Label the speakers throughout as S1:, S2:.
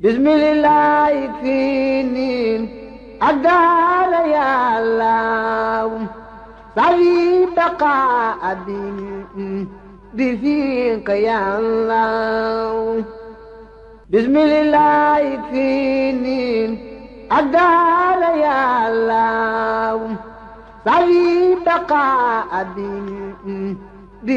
S1: bismillah fii niin ak daara yàllaaw safi baqa abin bi fiq yàllaaw bismillah fii niin ak daara yàllaaw safi baqa abin bi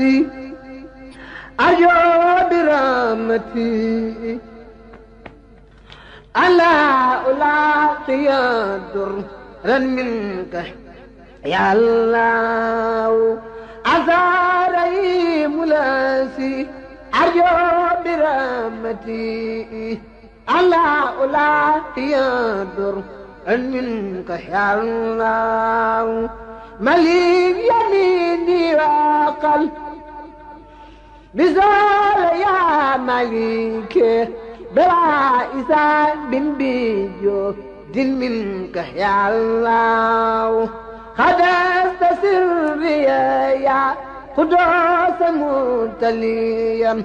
S1: نفسي أجوا برامتي ألا ألاقي درا منك يا الله أزاري ملاسي أجوا برامتي ألا ألاقي درا منك يا الله مليك يميني وقلبي بزول يا مليك بلا إسان بن بيجو دل منك يا الله خدست سري يا قدوس متليا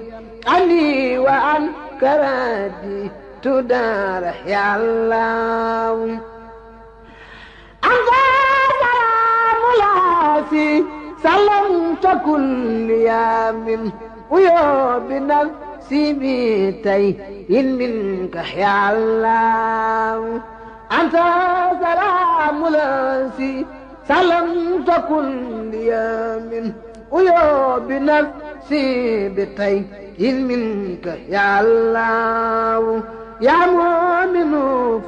S1: أني وأن كرادي تدار يا الله أنت سلام لاسي سلمت كل من ويا بنفسي بيتي منك يا علام أنت سلام لاسي سلام تكن لي من ويا بنفسي بيتي منك يا الله يا مؤمن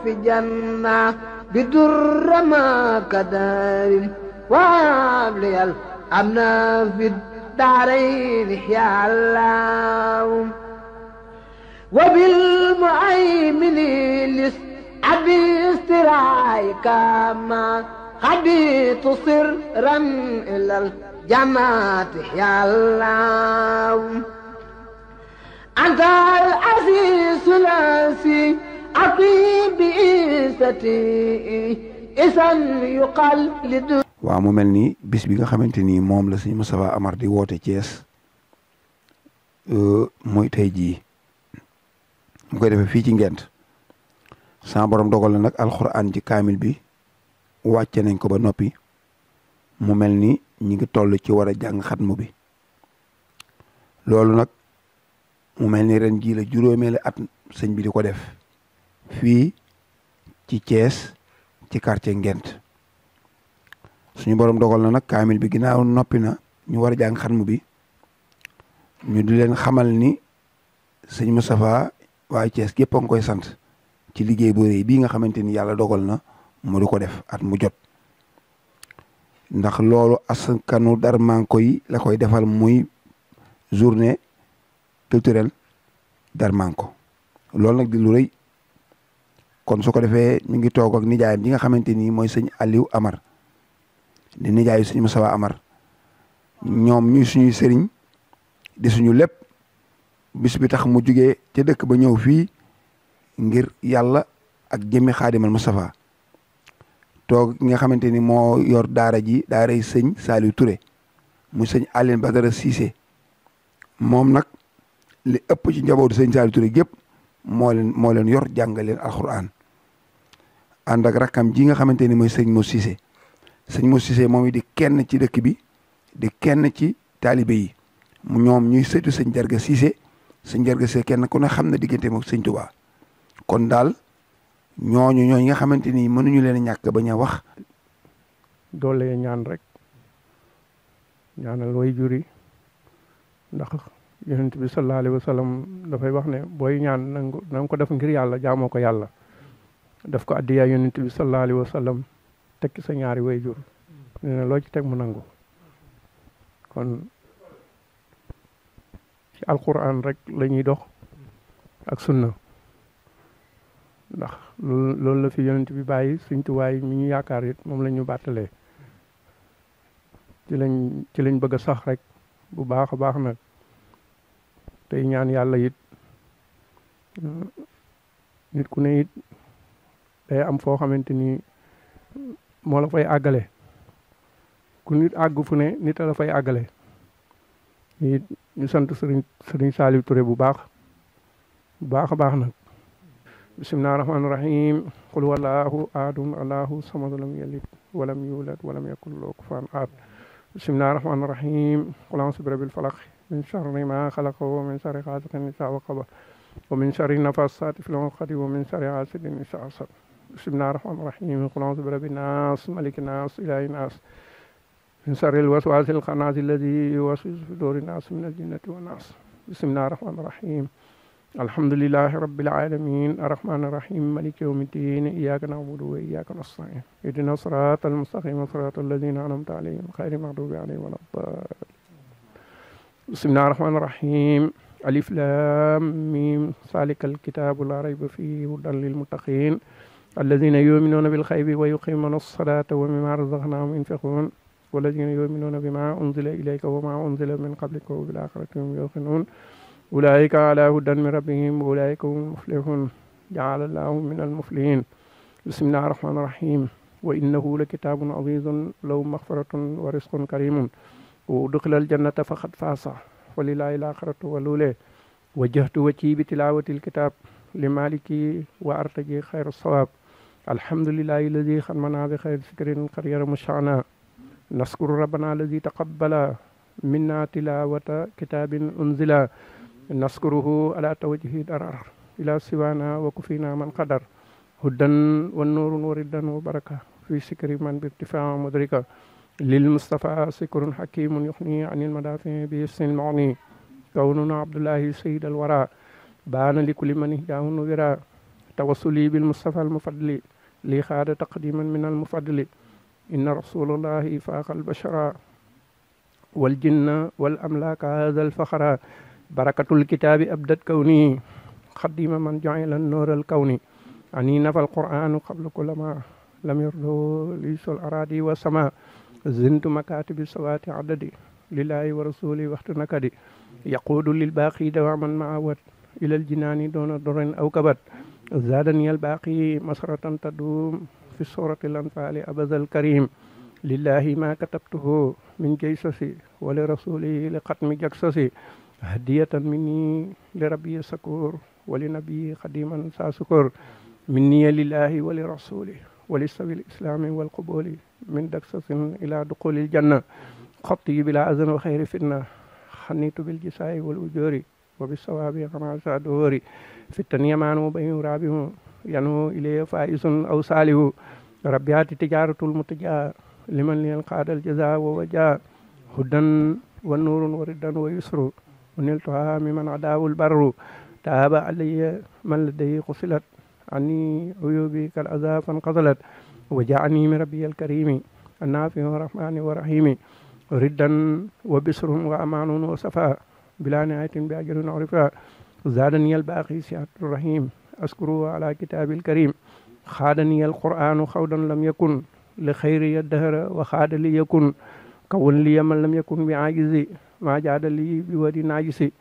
S1: في جنة بدر ما كدار وابلي الأمن في الدنيا التعريض يا الله وبالمؤمن لسعب استرايك ما خبيت سرا إلى الجماعة يا الله أنت العزيز الأسي أقيم بإيستي إذا يقلد
S2: waaw mu mel ni bis bi nga xamante nii moom la sëñ Moustapha Amar di woote Thiès euh, muy tey jii mu koy defee fii ci ngent sama borom dogal na nag alxuraan ci kaamil bi wàcce nañ ko ba noppi mu mel ni ñi ngi toll ci war a jàng xatmu bi loolu nag mu mel ni ren jii la juróomeeli at sëñ bi di ko def fii ci cees ci quartier Ngent suñu borom dogal na nag kaamil bi ginnaaw noppi na ñu war a jàng xatmu bi ñu di leen xamal ni sëñ Moustapha waaye Thiès gépp a ngi koy sant ci liggéey bu rëy bii nga xamante ni yàlla dogal na mu di ko def at mu jot ndax loolu askanu Darmanko yi la koy defal muy journée culturelle Darmanko loolu nag di lu kon su ko defee mi ngi toog ak nijaayam ji nga xamante ni mooy sëñ Aliou Amar di nijaayu suñu musaba Amar ñom ñuy suñuy sëriñ di suñu lepp bis bi tax mu jugee ci dëkk ba ñëw fi ngir yalla ak jëmmi xaadimal Moustapha tok nga xamanteni ni yor daara ji yi sëñ salu Touré mu sëñ alen Badara Cissé mom nak li ëpp ci njabootu sëñ salu Touré gep mo len mo len yor jangaleen leen andak rakam ji nga xamanteni ni sëñ Mo Cissé sëñ Moussa Cissé momi di kenn ci dëkk bi di kenn ci talibé yi mu ñoom ñuy sëttu sëñ Jarga Cissé sëñ Jarga Cissé kenn ku na xam na mo moom sëñ Touba kon dal ñoñu ñooñu nga xamanteni ni ñu leen ñak baña wax.
S3: dolé ñaan rek ñaanal way juri ndax yonent bi sallallahu alaihi wasallam sallam fay wax ne boy ñaan na ko def ngir yalla jaamoo ko yàlla daf ko addiya yonent bi sallallahu alaihi wasallam sallam teg sa ñaari way jur nee na loo ci teg mu nangu kon ci alquran rek la ñuy dox ak sunna ndax loolu la fi yonent bi bàyyi suñ tuwaay mi ñu yaakaar it moom la ñu ci lañ ci lañ bëgg a sax rek bu baax a baax nag tey ñaan yàlla it nit ku ne it day am foo xamante ni مولا فاي اغالي كون نيت اغو فني نيت لا فاي اغالي ني ني سانت سيرين سيرين سالي توري بو باخ باخ باخ نا بسم الله الرحمن الرحيم قل هو الله احد الله الصمد لم يلد ولم يولد ولم يكن له كفوا احد بسم الله الرحمن الرحيم قل اعوذ برب الفلق من شر ما خلق ومن شر غاسق اذا وقب ومن شر النفاثات في العقد ومن شر حاسد اذا حسد بسم الله الرحمن الرحيم قل أعوذ برب الناس ملك الناس إله الناس من شر الوسواس الخناس الذي يوسوس في دور الناس من الجنة والناس بسم الله الرحمن الرحيم الحمد لله رب العالمين الرحمن الرحيم ملك يوم الدين إياك نعبد وإياك نستعين اهدنا الصراط المستقيم صراط الذين أنعمت عليهم خير المغضوب عليهم ولا الضالين بسم الله الرحمن الرحيم ألف لام ميم سالك الكتاب لا ريب فيه هدى للمتقين الذين يؤمنون بالخيب ويقيمون الصلاة ومما رزقناهم ينفقون والذين يؤمنون بما أنزل إليك وما أنزل من قبلك وبالآخرة هم يوقنون أولئك على هدى من ربهم وأولئك هم المفلحون جعل الله من المفلحين بسم الله الرحمن الرحيم وإنه لكتاب عزيز له مغفرة ورزق كريم ودخل الجنة فقد فاز ولله الآخرة والأولى وجهت وجهي بتلاوة الكتاب لمالكي وأرتجي خير الصواب الحمد لله الذي خلمنا بخير فكر قرير مشانا نشكر ربنا الذي تقبل منا تلاوة كتاب أنزل نشكره على توجيه درر إلى سوانا وكفينا من قدر هدى والنور وردا وبركة في سكر من بارتفاع مدركة للمصطفى سكر حكيم يخني عن المدافع بسن المعني كوننا عبد الله سيد الوراء بان لكل من اهداه النذرا توصلي بالمصطفى المفضل لي خاد تقديما من المفضل إن رسول الله فاق البشر والجن والأملاك هذا الفخر بركة الكتاب أبدت كوني خديم من جعل النور الكوني أني نفى القرآن قبل كل ما لم يرده ليس الأراضي والسماء زنت مكاتب السوات عددي لله ورسولي وقت نكدي يقود للباقي دواما معود إلى الجنان دون ضر أو كبد زادني الباقي مسرة تدوم في سورة الأنفال أبذ الكريم لله ما كتبته من جيسسي ولرسوله لقتم جكسسي هدية مني لربي سكور ولنبي قديما ساسكر مني لله ولرسوله ولسوي الإسلام والقبول من دكسس إلى دخول الجنة خطي بلا أذن وخير فتنة حنيت بالجساء والأجور وبالصواب كما سأدوري في التنيمان وبين رابه ينو إليه فائز أو صالح ربيات تجارة المتجار لمن ينقاد الجزاء ووجاء هدى والنور وردا ويسر ونلتها ممن عداو البر تاب علي من لديه قصلت عني عيوبي كالعذاب فانقتلت وجعني من ربي الكريم النافع الرحمن الرحيم ردا وبسر وأمان وصفاء بلا نهاية بأجر عرفا زادني الباقي سعة الرحيم أشكره على كتاب الكريم خادني القرآن خودا لم يكن لخيري الدهر وخاد لي يكن كون لي من لم يكن بعاجزي ما جاد لي بواد ناجسي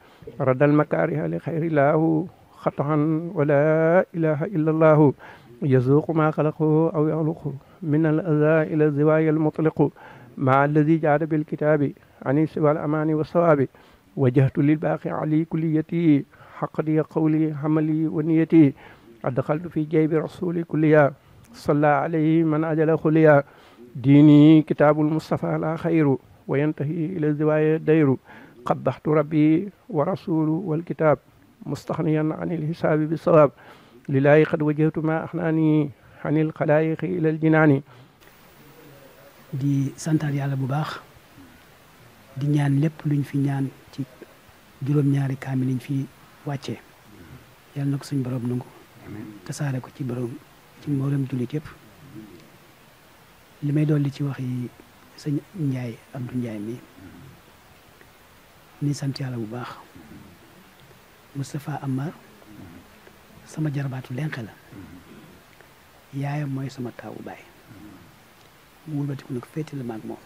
S3: رد المكاره لخير الله خطعا ولا إله إلا الله يزوق ما خلقه أو يغلقه من الأذى إلى الزوايا المطلق مع الذي جاد بالكتاب عن سوى الأمان والصواب وجهت للباقي علي كليتي حقني قولي عملي ونيتي أدخلت في جيب رسولي كليا صلى عليه من أجل خليا ديني كتاب المصطفى لا خير وينتهي إلى الزوايا الدير قبحت ربي ورسوله والكتاب مستغنيا عن الحساب بالصواب لله قد وجهت ما أحناني عن الخلائق إلى الجنان
S4: دي سانتال يالا بو باخ di ñaan lépp luñ fi ci juróom-ñaari kaamil liñ fi wàcce yàlla na ko suñ borom nangu tasaare ko ci borom ci mboolem jullit yëpp li may doon li ci wax yi sëñ njaay Abdou njaay mi ni sant yàlla bu baax Moustapha Amar sama jarabaatu lenq la yaayam mooy sama taawu baay mu wëlbatiku nag féetale maag moom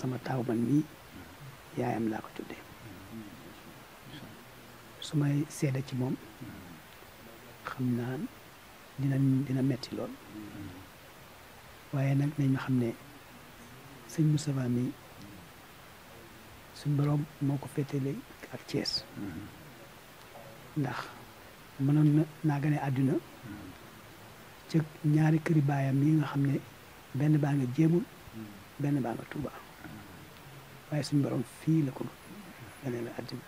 S4: sama taaw man mii yaayam laa ko tuddee su may seede ci moom xam naan dina dina metti lool waaye nag nañu xam ne sëñ Moustapha mi suñ borom moo ko féetale ak Thiès ndax mënoon na naa gane àdduna ca ñaari këri baayam yi nga xam ne benn baa nga jéemul benn baa nga Touba waaye suñ borom fii la ko gane la àdduna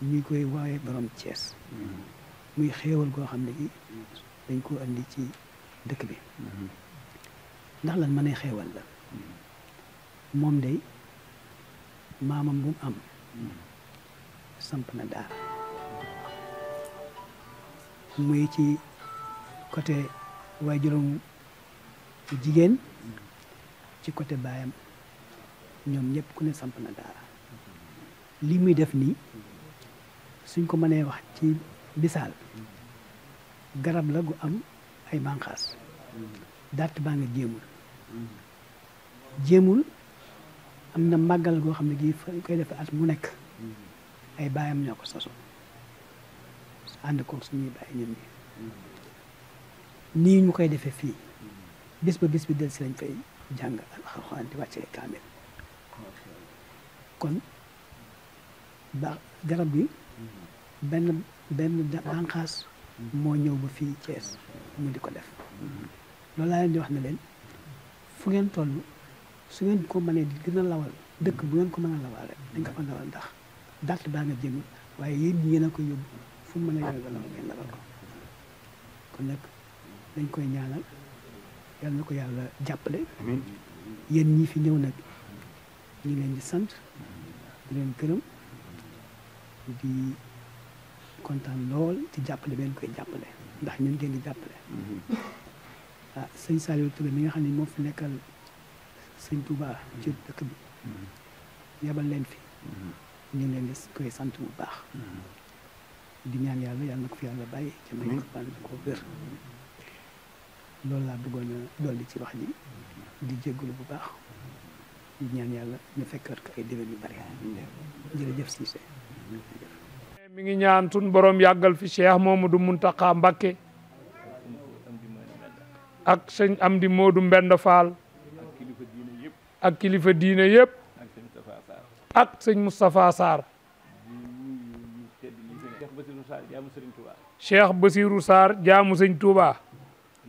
S4: ñu koy waaye borom Thiès. muy xéewal goo xam ne gi dañ koo andi ci dëkk bi ndax lan ma ne xéewal la moom de maamam bu mu am samp na daara muy ci côté waay juróom jigéen ci côté baayam ñoom ñëpp ku ne samp na daara li muy def nii suñ ko mënee wax ci misaal garab la gu am ay banqaas dàtt baa nga jéemul jéemul am na màggal goo xam ne gii fa koy defee at mu nekk ay baayam ñoo ko soso ànd ko suñuy bàyyi ñun nii ñu koy defee fii bis ba bis bi del si lañ fay jàng alxuraan di wàccee kaamil kon ba garab gi benn benn anqaas moo ñëw ba fii cees mu di ko def loolu laa leen di wax ne leen fu ngeen toll su ngeen ko mënee di gën a lawal dëkk bu ngeen ko mën a lawal rek dañ ko fa lawal ndax dàtt baa nga jëm waaye yéen ngeen a ko yóbbu fu mu mën a yóbbu lawal ngeen lawal ko kon nag dañ koy ñaanal yal ko yàlla jàppale yéen ñi fi ñëw nag ñu leen di sant di leen gërëm di kontan lol ci jappale ben koy jappale ndax ñun gën di jàppale ah seigne Saliou tuba mi nga xamni mo mhm. fi nekkal seigne Touba ci dëkk bi yabal leen fi ñu leen les koy sant bu baax di ñaan yalla yalla na ko fi yalla baye ci may ko ban ko wér lol la bëggoon a di ci wax ji di jéggul bu baax di ñaan yalla ñu fekkar ko ay déwén yu bari jërëjëf Cissé
S5: mi ngi ñaan sun borom yàggal fi Cheikh moom Mountakha Mbacké ak sëñ Amdi Modou Mbend Fall ak kilifa diine yëpp ak sëñ Moustapha Sarr Cheikh Basirou Sarr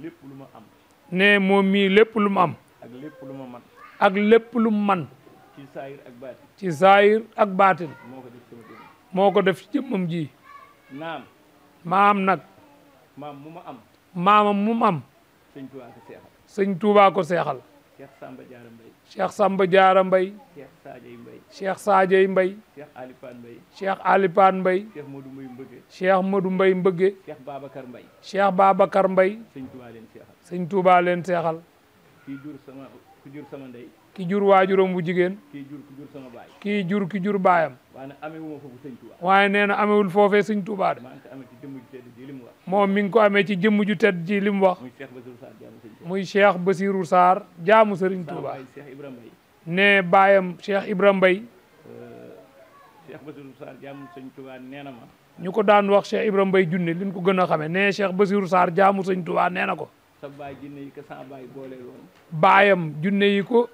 S6: lépp lu am
S5: ne moom mii lépp lu mu am ak lépp man
S6: ak
S5: lépp ak baatin moo ko def ci jëmmam ji naam maam nag maam mu am maamam mu am
S6: sëñ Tuubaa ko seexal sëñ Tuubaa ko seexal Samba Diarra
S5: Mbaye Cheikh Samba Diarra Mbaye
S6: Cheikh Sadiay Mbaye Cheikh Sadiay Mbaye Cheikh Alipane Mbaye
S5: Cheikh Alipane Mbaye Cheikh Modou Mbaye Mbëgge Cheikh Modou Mbaye Mbëgge Cheikh Babacar Mbaye
S6: sëñ Tuubaa leen seexal
S5: sëñ Tuubaa leen seexal
S6: sama ki
S5: ki jur waajuram bu jigéen.
S6: kii ki jur sama baay. kii
S5: jur ki jur baayam. waaye nee na amewul foofee sëñ Tuubaa de. moom mi ngi ko amee ci jëmm ju tedd ji li mu wax. muy Cheikh Basirou Sarr jaamu sëriñ Tuubaa. nee baayam Cheikh Ibrahima Mbaye. ñu ko daan wax Cheikh Ibrahima Mbaye junne liñ ko gën a xamee ne Cheikh Basirou saar jaamu sëñ Tuubaa nee na ko. baayam junne yi ko.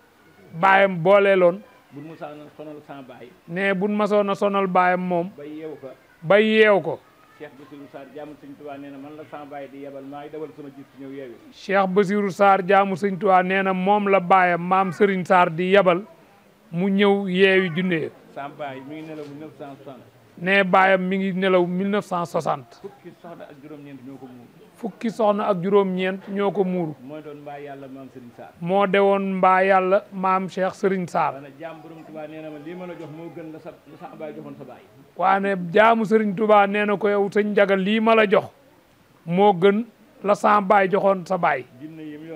S5: baayam booleeloon.
S6: bun ma sonal sama baay.
S5: ne bun ma soon a sonal baayam moom. ba yeew ko. ba yeew ko.
S6: Cheikh Bassirou Sarr jaamu Sëñ Tuubaa nee na man la sama baay di yebal maa ngi dawal sama gis ñëw yeewi.
S5: Cheikh Bassirou Sarr jaamu Sëñ nee na moom la baayam maam Serigne saar di yebal mu ñëw yeewi junne.
S6: sama baay mi ngi nelaw 1960.
S5: ne baayam mi ngi nelaw 1960.
S6: fukki soxna ak juróom-ñeent ñoo ko moom.
S5: fukki soxna ak juróom-ñeent ñoo ko muuru.
S6: mooy doon mbaa yàlla maam Serigne Sarr.
S5: moo dewoon mbaa yàlla maam Cheikh Serigne Sarr.
S6: waaye jaamu lii ma la jox moo gën la baay joxoon sa baay.
S5: waane jaamu Serigne Touba nee na ko yow sëñ Njaga lii ma la jox moo gën la sa baay joxoon sa baay. junne yem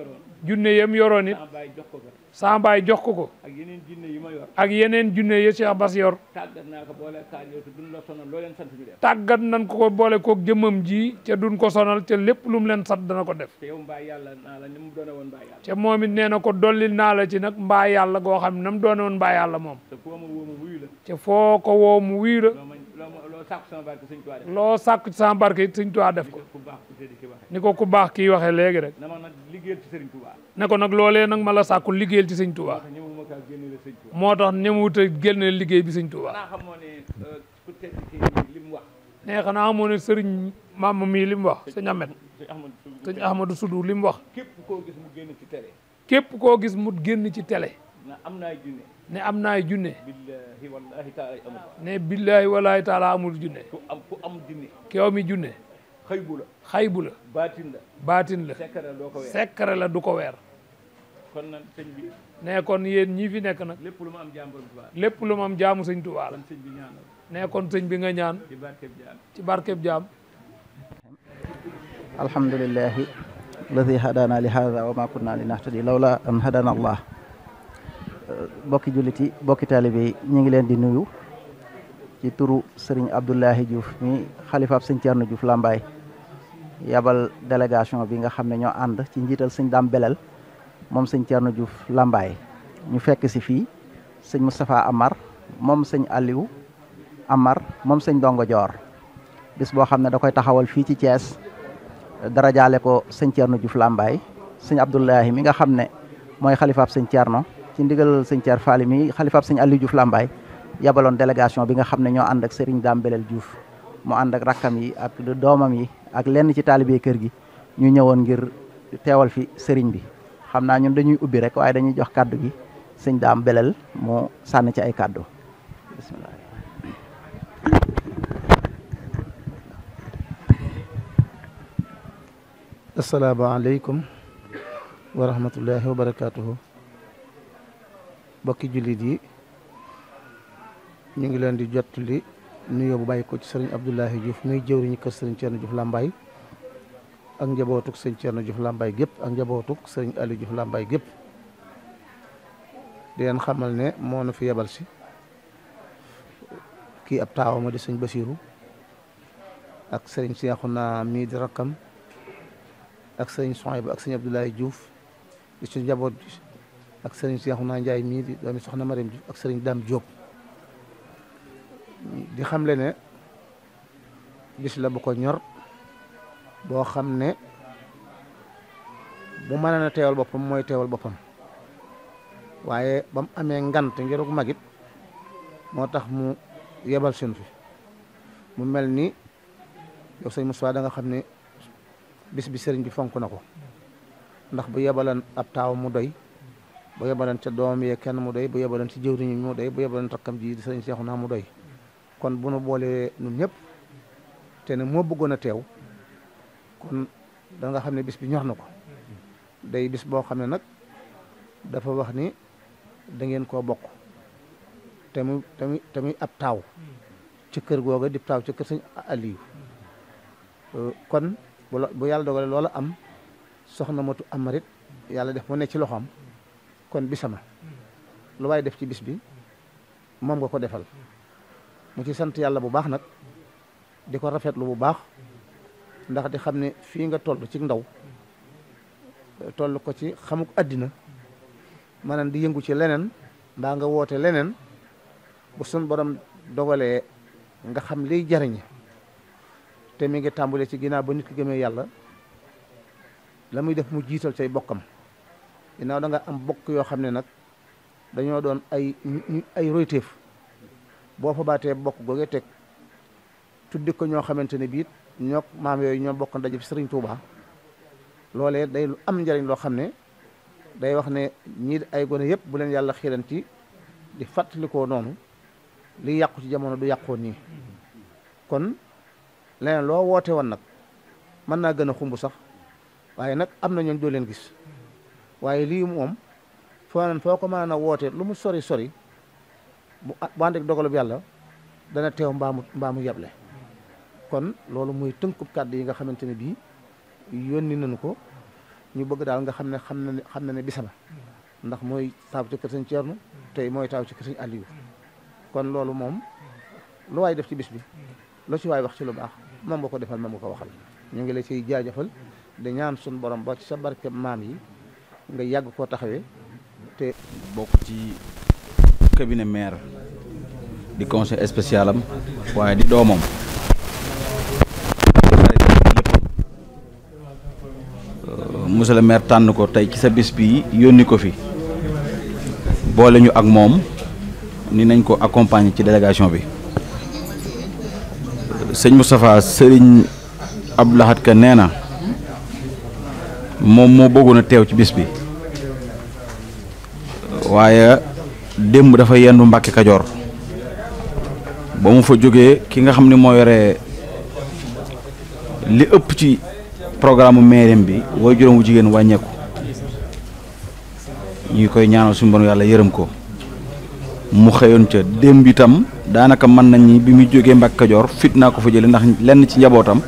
S5: yoroon. junne
S6: yem sama baay jox ko ko. ak yeneen junne yi ma yor. ak
S5: yeneen ko
S6: boole ak yow te duñ la sonal loo leen
S5: sant ko ko boole koog jëmmam ji te duñ ko sonal te lépp lu mu leen sant dana ko def. te yow
S6: mbaa yàlla naa la ni mu doone woon mbaa yàlla.
S5: te moom ko dolli naa la ci nag mbaa yàlla goo xam ne na mu doone yalla moom. te foo ma woo
S6: loo sàkku sama barke sëñ Tuubaa def
S5: loo sàkku sama barke it sëñ def ko ni ko ku baax ki waxee léegi rek
S6: na ma nag liggéeyal ci sëriñ
S5: ne ko nag loole nag ma la sàkku liggéey ci sëñ Tuubaa moo tax ñemewut a génne liggéey bi sëñ
S6: Tuubaa euh,
S5: ne xanaa amoon ne sëriñ maam mii li mu wax sëñ Ahmed sëñ Ahmadou Soudou li mu wax
S6: képp koo gis mu génn ci télé
S5: képp koo gis mu génn ci télé ne am naay junne.
S6: ne billahi wallahi taala amul.
S5: ne billaahi wallaahi taala amul junne. ku am ku am junne. kew mi junne. xaybu la xaybu la. baatin la baatin la. sekkare la du ko weer la du ko
S6: kon nag sëñ bi.
S5: ne kon yéen ñi fi nek nak lépp lu ma am jaamu sëñ Tuubaa. lépp lu ma am jaamu sëñ Tuubaa la. ne kon sëñ bi nga ñaan. ci barkeb jaam ci barkeb jaam.
S7: alhamdulilah. alladi hadana li hada wa ma kunna li nahtadi lawla bokki juliti bokki talibé ñi ngi leen di nuyu ci turu serigne Abdoulahi Diouf mi khalifa serigne tierno Diouf lambay yabal délégation bi nga xamné ño and ci njital serigne dam belal mom serigne tierno Diouf lambay ñu fekk ci fi serigne mustapha Amar mom serigne Aliou Amar mom serigne Dongo Joor bis bo xamné da koy taxawal fi ci Thiès dara jaale ko serigne tierno Diouf lambay serigne mi nga xamné moy khalifa serigne tierno ci ndigal señ tiar fali mi khalifa señ Aliou Diouf lambay yabalon delegation bi nga xamne ño and ak Serigne Dame Belel Diouf mu ànd ak rakam yi ak domam yi ak lenn ci talibé kër gi ñu ñëwon ngir téwal fi Serigne bi xamna ñun dañuy ubbi rek waye dañuy jox kàddu gi señ Dame Belel ci ay
S1: bismillah
S8: bokki julit yi ñu ngi leen di jottali nuyo bu bayiko ci serigne Abdoulahi Diouf muy jëwriñu ko serigne Thierno Diouf lambay ak njabootug serigne Thierno Diouf lambay gep ak njabootug serigne ali Diouf lambay gep di len xamal ne mo nu fi yebal si ki ab mo di serigne Basiru ak serigne cheikhuna mi di rakkam ak serigne Sohaybu ak serigne Abdoulahi Diouf di ci njaboot ak sëriñ Cheikhouna ndjay mi di doomi soxna Mariam Diouf ak serigne Dame Diop di xamle ne gis la bu ko ñor bo xam ne bu mën na teewal bopam moy teewal bopam waye bam amé amee ngant ngirug magit motax mu yebal sun fi mu mel yow sëñ Moussa da nga xam ne bis bi serigne bi fonk nako ndax bu yebalan ab taw mu doy bu yebaloon ca doomam yee kenn mu doy bu yebaloon ci jëwriñu mu doy bu yebaloon rakkam ji kon bu nu boolee ñun ñëpp moo bëggoon a teew xam ne bis bi ñor na ko bis boo xam ne nag dafa wax ni ngeen koo bokk te muy te muy ab taaw kër googa di taaw ci kër sëñ Aliou euh, kon bu yàlla am soxna matu amarit yàlla def mu nekk ci loxoom kon bisama lu waay def ci bis bi moom nga ko defal mu ci sant yàlla bu baax nag di ko rafetlu bu baax ndax di xam ne fii nga toll ci ndaw toll ko ci xamuk àddina maanaam di yëngu ci leneen mbaa nga woote leneen bu sun borom dogalee nga xam liy jariñ te mi ngi tàmbale ci ginnaaw ba nit ki gëmee yàlla la muy def mu jiital say bokkam ginnaaw da nga am bokk yoo xam ne nag dañoo doon ay ay royteef boo fa baatee bokk googee teg tuddi ko ñoo xamante ne biit ñoo maam yooyu ñoo bokk ndaje fi Sëriñ Tuuba loolee day am njëriñ loo xam ne day wax ne ñii ay gone yëpp bu leen yàlla xiiranti di fàttalikoo noonu li yàqu ci jamono du yàqoon nii kon leneen loo woote woon nag mën naa gën a xumb sax waaye nag am na ñooñ doo leen gis waaye lii moom foo nan foo ko mën a wootee lu mu sori sori bu ànd ak dogalub yàlla dana teew mbaamu mbaamu yable kon loolu muy tënkub kàdd yi nga xamante ne bii yónni nañu ko ñu bëgg daal nga xam ne xam na ne xam na ne bisama ndax mooy taaw ci kër sëñ Ceerno tey mooy taaw ci kër sëñ kon loolu moom lu waay def ci bis bi lu ci waay wax ci lu baax moom nga ko defal moom nga ko waxal ñu ngi la ciy jaajëfal di ñaan suñu borom ba ci sa barke maam yi nga yàgg koo taxawee te.
S9: bokk ci cabinet maire di conseil spécial am waaye di doomam. Euh, monsieur le maire tànn ko tey ci sa bis bi yónni ko fi boole ñu ak moom ni nañ ko accompagner ci délégation bi euh, sëñ Moustapha sëriñ ab Lahad Ka nee na. moom moo bëggoon a teew ci bis bi waaye démb dafa yenn Mbàkke Kajoor ba mu fa jógee ki nga xam ni moo yore li ëpp ci programme meereem bi way juróom wu jigéen wàññeeku ñu koy ñaanal suñu boroom yàlla yërëm ko mu xëyoon ca démb itam daanaka man nañ bi muy jógee Mbàkke Kajoor fit naa ko fa jële ndax lenn ci njabootam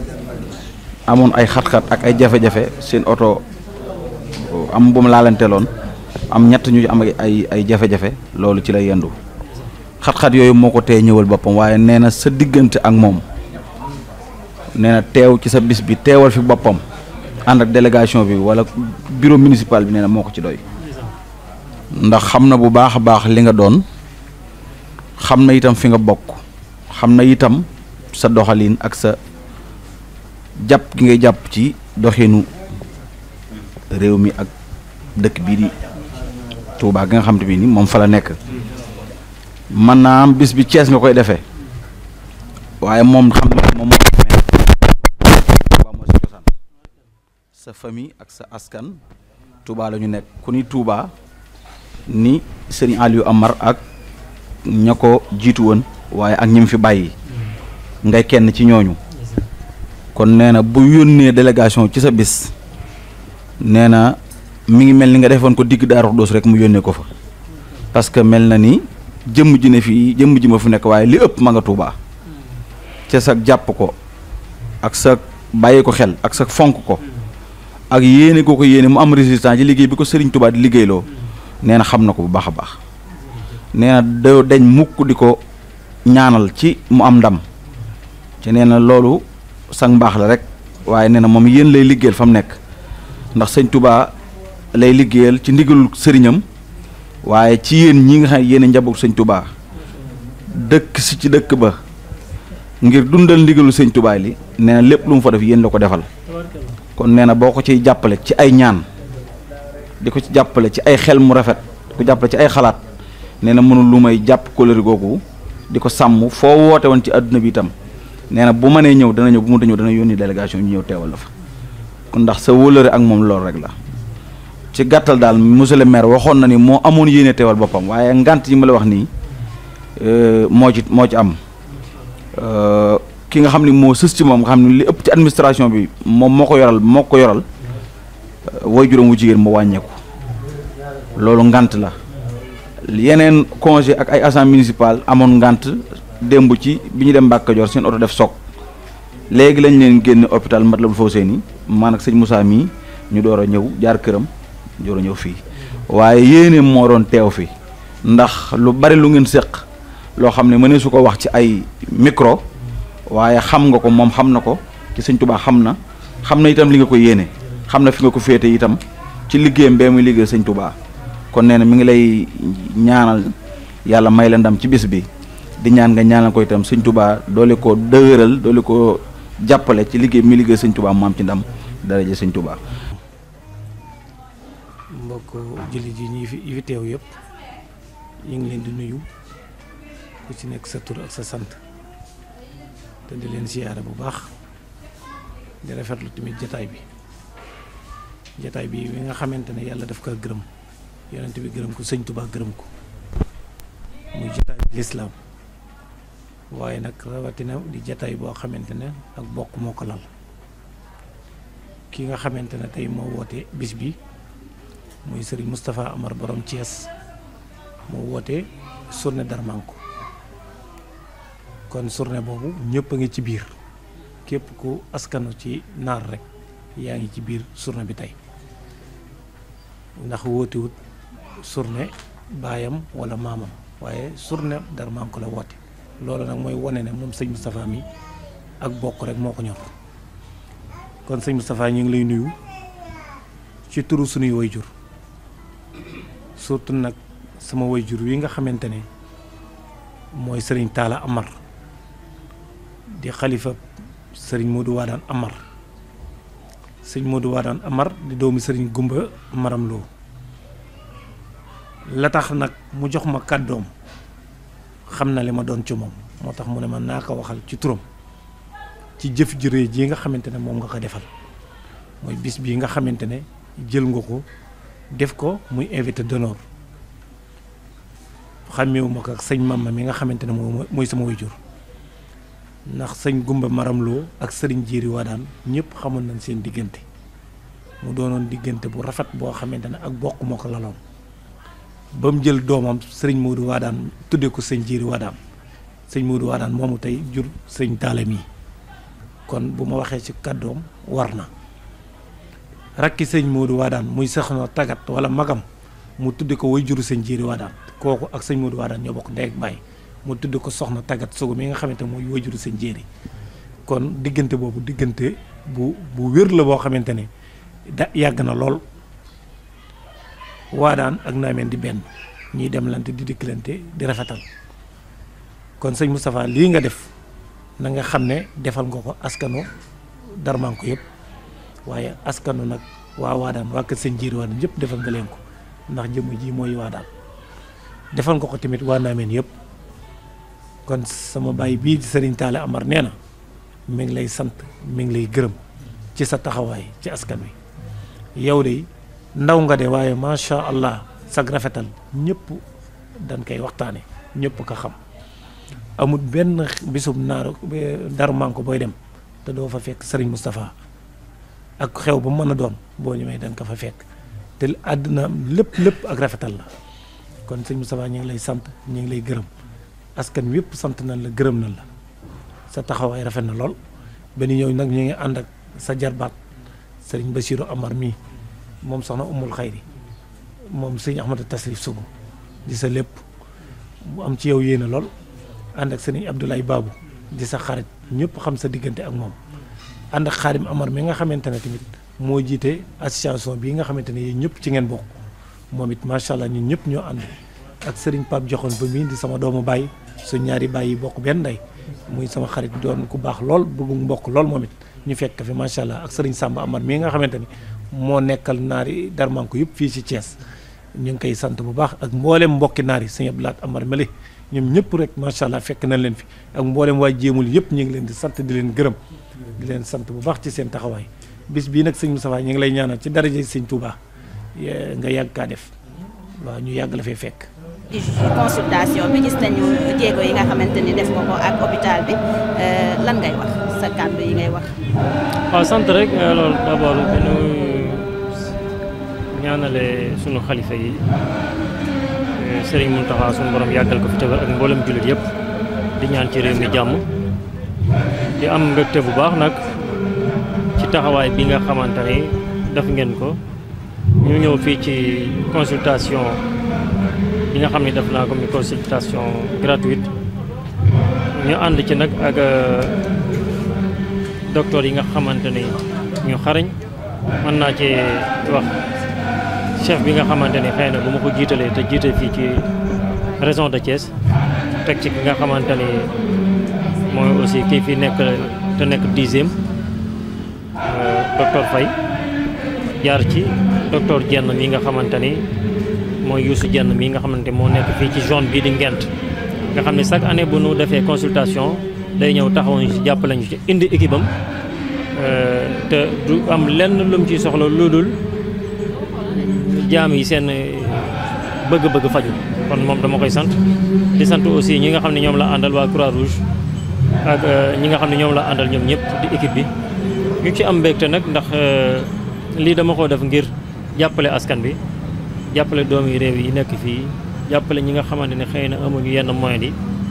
S9: amoon ay xat-xat ak ay jafe-jafe seen oto am bu mu laalanteeloon am ñett ñu am ay ay jafe-jafe loolu ci la yendu xat-xat yooyu moo ko tee ñëwal boppam waaye nee na sa diggante ak moom nee na teew ci sa bis bi teewal fi boppam ànd ak délégation bi wala bureau municipal bi nee na moo ko ci doy ndax xam na bu baax a baax li nga doon xam na itam fi nga bokk xam na itam sa doxaliin ak sa jàpp gi ngay jàpp ci doxinu réew mi ak dëkk bii di Touba gi nga xam te bi ni moom fa la nekk man naa am bis bi Cees nga koy defee waaye moom xam ne moom moo Touba mooy sa cosaan sa famille ak sa askan Touba la ñu nekk ku ni Touba ni Serigne Aliou Amar ak ña ko jiitu woon waaye ak ñi mu fi bàyyi ngay kenn ci ñooñu kon nee na bu yónnee délégation ci sa bis nee na mi ngi mel ni nga defoon ko digg Daaru Xuddoos rek mu yónnee ko fa parce que mel na ni jëmm ji ne fii jëmm ji ma fu nekk waaye li ëpp ma nga Tuubaa ca sa jàpp ko ak sa bàyyi ko xel ak sa fonk ko ak yéene koo ko yéene mu am résistance liggéey bi ko Sëriñ Tuubaa di liggéeyloo nee na xam na ko bu baax a baax nee na doo deñ mukk di ko ñaanal ci mu am ndam ci nee na loolu sang bax la rek waye nee mom yeen lay liggeel fam nek ndax seigne Touba lay liggeel ci ndigalul serignam waye ci yeen ñi nga xam ne yéen Touba dekk ci ci dekk ba ngir dundal ndigalul seigne Touba li nee na lu mu fa def yeen lako defal kon nee na ci jappale ci ay ñaan diko ci jappale ci ay xel mu rafet ku jappale ci ay xalaat nee na mënul lumay japp ko leer gogou diko sammu fo wote won ci aduna bi tam nee na bu mënee ñëw dana ñëw bu mënta ñëw dana yónni délégation ñu ñëw teewal la fa kon ndax sa wóolëre ak moom loolu rek la ci gàttal daal monsieur le maire waxoon na ni moo amoon yéene teewal boppam waaye ngant yi ma la wax nii euh, moo ci moo ci am euh, ki nga xam ni moo sës ci nga xam ni li ëpp ci administration bi moom moo ko yoral moo ko yoral euh, way juróom wu jigéen mu wàññeeku loolu ngant la yeneen congé ak ay agent municipal amoon ngant démb ci bi ñu dem Mbàkke Kajoor seen oto def soog léegi lañ leen génn hôpital Matlaboul Fawzeyni man ak sëñ Moussa mii ñu door a ñëw jaar këram door a ñëw fii waaye yéene moo doon teew fi ndax lu bari lu ngeen séq loo xam ne mënee su ko wax ci ay micro waaye xam nga ko moom xam na ko ci sëñ Tuubaa xam na xam na itam li nga ko yéene xam na fi nga ko féete itam ci liggéeyam bee muy liggéey sëñ tubaa kon nee na mi ngi lay ñaanal yàlla may la ndam ci bis bi di ñaan nga ñaanal ko itam sëñ tubaa doole ko dëgëral doole ko jàppale ci liggéey mi liggéey sëñ tubaa mu am ci ndam daraje sëñ tubaa
S10: mbokk jullit yi ñi fi teew yëpp ñu ngi leen di nuyu ku ci nekk sa sant te di leen siyaare bu baax di rafetlu tamit jataay bi jataay bi bi nga xamante ne yàlla daf ko gërëm yonent bi gërëm ko sëñ tubaa gërëm ko muy jataay bi lislaam waaye nag rawatina di jataay boo xamante ne ak bokk moo ko lal ki nga xamante ne tey moo woote bis bi muy sëriñ mustapha Amar borom Chias, moo woote surne Darmanko kon surne boobu ñëpp a ngi ci biir képp ku askanu ci naar rek yaa ngi ci biir journée bi tey ndax wootewut baayam wala maamam waaye Darmanko la woote loolu nak moy wane ne moom sëñ mi ak bokk rek moko ñor kon seigne mustapha ñi ngi lay nuyu ci turu suñu wayjur surtout nak sama wayjur wi nga xamantene moy seigne tala Amar di khalifa seigne Modou wadan Amar seigne Modou wadan Amar di doomi seigne Gumba Maram Lo la tax nak mu jox ma kaddom xam na li ma doon ci moom moo tax mu ne man naa ko waxal ci turam ci jëf ju rëy ji nga xamante ne moom nga ko defal mooy bis bii nga xamante ne jël nga ko def ko muy invité d'honneur xàmmeewuma ko ak sëñ Mama mi nga xamante ne moom mooy sama waajur ndax sëñ Gumba maramloo ak sëriñ waa daan ñëpp xamoon nañ seen diggante mu doonoon diggante bu rafet boo xamante ne ak bokk ko laloon ba mu jël doomam sëriñ Modou Wadaan tuddee ko sëñ Jiiri Wadaan sëñ Modou Wadaan moomu tey jur sëñ Taalem yi kon bu ma waxee ci kàddoom war na rakki sëñ Modou Wadaan muy saxna tagat wala magam mu tudde ko way juru sëñ Jiiri Wadaan kooku ak sëñ Modou Wadaan ñoo bokk ndey ak baay mu tuddee ko soxna tagat sugu mi nga xamante mooy way juru sëñ Jiiri kon diggante boobu diggante bu bu wér la boo xamante ne da yàgg na lool wadan ak namen di ben ñi dem lante di diklante di rafetal kon seigne mustapha li nga def na nga xamne defal nga ko askanu darman ko yeb waye askanu nak wa wadan wa ke seigne jiir waadaan yëpp defal nga len ko ndax jëm ji moy wadan defal nga ko timit wa namen yeb kon sama bàyyi bi di Amar neena mi ngi lay sant mi ngi lay gërem ci sa taxaway ci askan wi yow day ndaw nga de ma sha allah sa grafetal ñepp dañ kay waxtane ñepp ka xam amut ben bisub naaru dar manko boy dem te do fa fek Serigne mustafa ak xew bu meuna a bo ñu may dañ ka fa fek te aduna lepp lepp ak rafetal la kon Serigne mustafa ñi ngi lay sant ñi ngi lay gërem askan wepp sante nañ la gërem nañ la sa taxaway rafet na lol ben ñew nak ñi ngi ànd ak sa jarbat Serigne Bassirou Amar mi Momsana soxna umul khairi, mom sëñ Ahmada Tasrif subu di sa lepp bu am ci yow yéene lol and ak sëriñ abdoulay babu di sa xarit ñepp xam sa digënté ak mom and ak khadim Amar mi nga xamantene timit, tamit moo jiite association bi nga xamantene yi ñepp ci ngeen bokk momit it macha allah ñun ñepp ño and ak sëriñ pap joxon bu mi di sama doomu baay su ñaari baay yi bokk ben day muy sama xarit doon ku bax lol bëggu mbokk lool moom ñu fekk fi ak Samba Amar mi nga xamantene moo nekkal naari darmanko yëpp fii ci Thiès ñu ngi koy sant bu baax ak mboolem mbokki naar yi sëñ Abdoulaye Amar Mele ñoom ñëpp rek macha allah fekk na leen fi ak mboolem waa jéemul yëpp ñu ngi leen di sant di leen gërëm di leen sant bu baax ci seen taxawaay bis bii nag sëñ Moustapha ñu ngi lay ñaanal ci daraja sëñ Touba nga yàgg kaa def waaw ñu yàgg la fee fekk.
S7: consultation bi gis nañu jéego yi nga xamante ni def nga ko ak hôpital bi
S1: euh, sa yi ngay wax.
S11: waaw sant rek euh, loolu d' ñu ñaanale sunu xalifa yi euh, Serigne Mountakha sunu borom yàggal ko fi tëbal ak mboolem jullit yëpp di ñaan ci réew mi jàmm di am nga mbégte bu baax nag ci taxawaay bi nga xamante ni def ngeen ko ñu ñëw fii ci consultation bi nga xam ne def naa ko mi consultation gratuite ñu ànd ci nag ak euh, docteur yi nga xamante ni ñu xarañ mën naa ci wax chef bi nga xamante ni xëy na bu ma ko jiitalee te jiital fii ci région de Thiès teg ci ki nga xamante ni mooy aussi kii fi nekk te nekk dixième euh, docteur Faye jaar ci docteur Dieng mi nga xamante ni mooy Youssou jenn mi nga xamante moo nekk fii ci zone bii di Ngent nga xam ne chaque année bu nu defee consultation day ñew taxaw ñu ci jàppale ci indi équipe am euh, te du am lenn lum ci soxla ludul jaam yi seen euh, bëgg-bëgg faju kon moom dama koy sant di sant aussi ñi nga xamni ñom la andal wa croix rouge ak euh, ñi nga xamni ñom la andal ñom ñepp di équipe bi ñu ci am mbégte nak ndax li dama ko def ngir jappalé askan bi jappalé doomi réew yi nekk fi jappalé ñi nga xamanteni xeyna xëy na amuñu yenn moyen di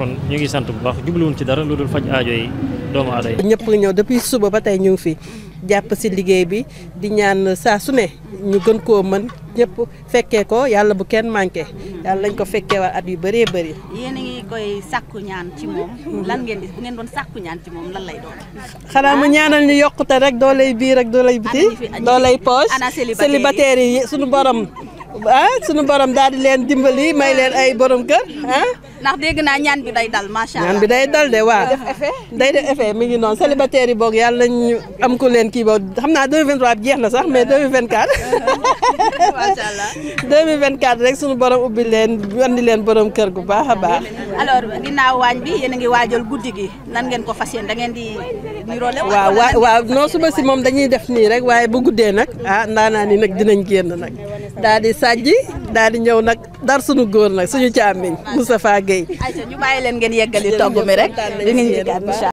S11: kon ñu ngi sant bu baax jublu won ci dara lu dul faj aajo yi doomu aada ñepp
S7: nga ñew depuis suba ba tay ñu fi japp ci liggey bi di ñaan sa su ne ñu gën ko man ñepp fekke ko yalla bu kenn manké yalla lañ ko fekke wa at yu bëree bëri yeen a ngi koy sakku ñaan ci mom lan ngeen di bu ngeen doon sakku ñaan ci mom lan lay do xana mu ah? ñaanal ñu yokkute rek do lay bi rek do lay biti do lay poche célibataire yi sunu borom ah sunu borom daal di leen dimbali may leen ay borom kër ah ndax nah, deg na ñaan bi day dal macha allah ñaan bi day dal de wa day def effet mi ngi non célibataire yi boog yàlla nañ am ko len ki ba xamna 2023 bi jeex na sax mais 2024 macha allah 2024 rek suñu borom ubbi len andi len borom kër gu baaxa baax alors ginaaw wañ bi yéen ngi wajjal guddigi nan ngeen ko fas
S4: da ngeen di niroole waaw waaw waaw
S7: non suma si mom dañuy def ah, ni rek waye bu guddé nak ah ndaanaa ni nak dinañ genn nak dal di sajji dal di ñew nak dar suñu goor nak suñu chamiñ Moustapha Gueye. ayca ñu ngeen yeggali togg mi rek. di